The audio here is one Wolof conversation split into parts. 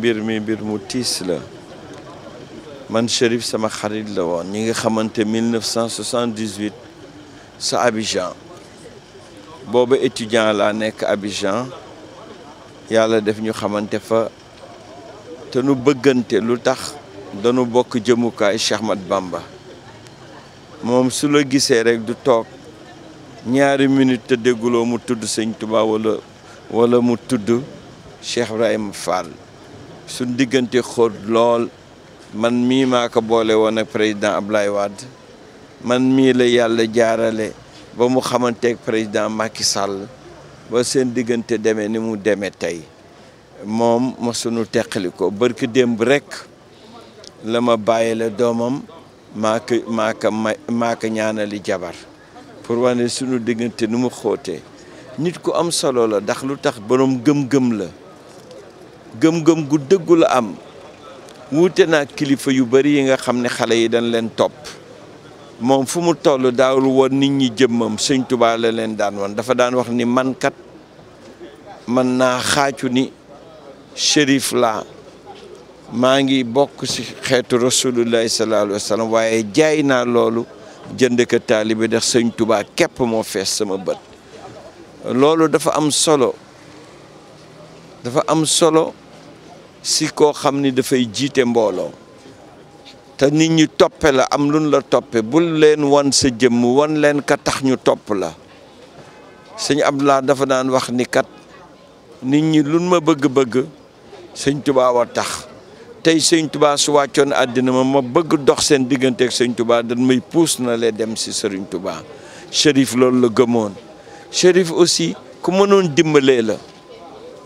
mbir mi mbir mu tiis la man Chérif sama xarit la woon ñi nga xamante 1978 sa Abidjan booba étudiant laa nekk Abidjan yàlla def ñu xamante fa te nu bëggante lu tax danu bokk jëmukaay Cheikh Ahmad Bamba moom su la gisee rek du toog ñaari minute te dégguloo mu tudd Sëñ Tuubaa wala wala mu tudd Cheikh Ibrahima Fall suñ diggante xóot lool man mii maa ko boole woon ak président Ablaye Wade man mii la yàlla jaarale ba mu xamanteeg président makki sàll ba seen diggante demee ni mu demee tey moom ma sunu teqali ko barki démb rekk la ma bàyyile doomam maa ko maa ko ñaanali jabar pour wane sunu diggante nu mu xóotee nit ku am solo la ndax lu tax borom gëm-gëm la gëm-gëm gu dëggu la am wuute naa kilifa yu bari yi nga xam ne xale yi dañ leen topp moom fu mu tollu daawul woon nit ñi jëmmam sëñ Tuubaa la leen daan woon dafa daan wax ni man kat mën naa xaacu ni shérif laa maa ngi bokk ci xeetu rasulullahi sallallahu waaye jaay naa loolu jënd ko taalibe ndax sëñ Tuubaa képp moo fees sama bët loolu dafa am solo dafa am solo si koo xam ni dafay jiite mbooloo te nit ñi toppe la am luñ la toppe bul leen wan sa jëmm wan leen ka tax ñu topp la sëñ laa dafa daan wax ni kat nit ñi luñ ma bëgg-bëgg sëñ Tuubaa wa tax tey sëñ Tuubaa su wàccoon àddina ma ma bëgg dox seen diggante ak sëñ Tuubaa dañ may puus na lee dem si sëriñ Tuubaa Chérif loolu la gëmoon Chérif aussi ku mënoon dimbalee la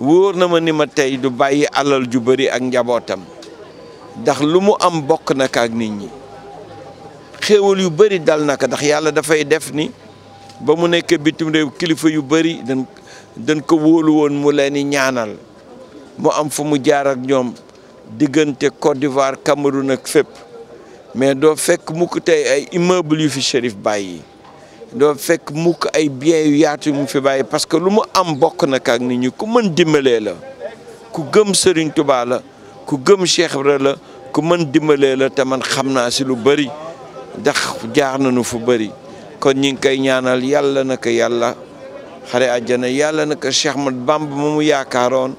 wóor na ma ni ma tey du bàyyi alal ju bari ak njabootam ndax lu mu am bokk na ak nit ñi xéewal yu bari dal naka ndax yàlla dafay def ni ba mu nekk bitim réew kilifa yu bari dañ dañ ko wóolu woon mu leen di ñaanal mu am fu mu jaar ak ñoom diggante Côte d'Ivoire Cameroun ak fépp mais doo fekk mu ko tey ay immeuble yu fi Chérif bàyyi. doo fekk mukk ay bien yu yaatu mu fi bàyyi parce que lu mu am bokk na ak nit ñi ku mën dimbalee la ku gëm Serigne Touba la ku gëm Cheikh Ibra la ku mën dimbalee la te man xam naa si lu bëri ndax jaar nañu fu bëri kon ñi ngi koy ñaanal yàlla na ko yàlla xare ajana yàlla na ko Cheikh Mat Bamba mu mu yaakaaroon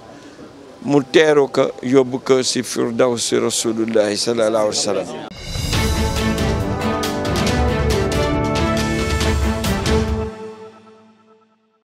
mu teeru ka yóbbu ko si firdaw si rasulullahi sallallahu alayhi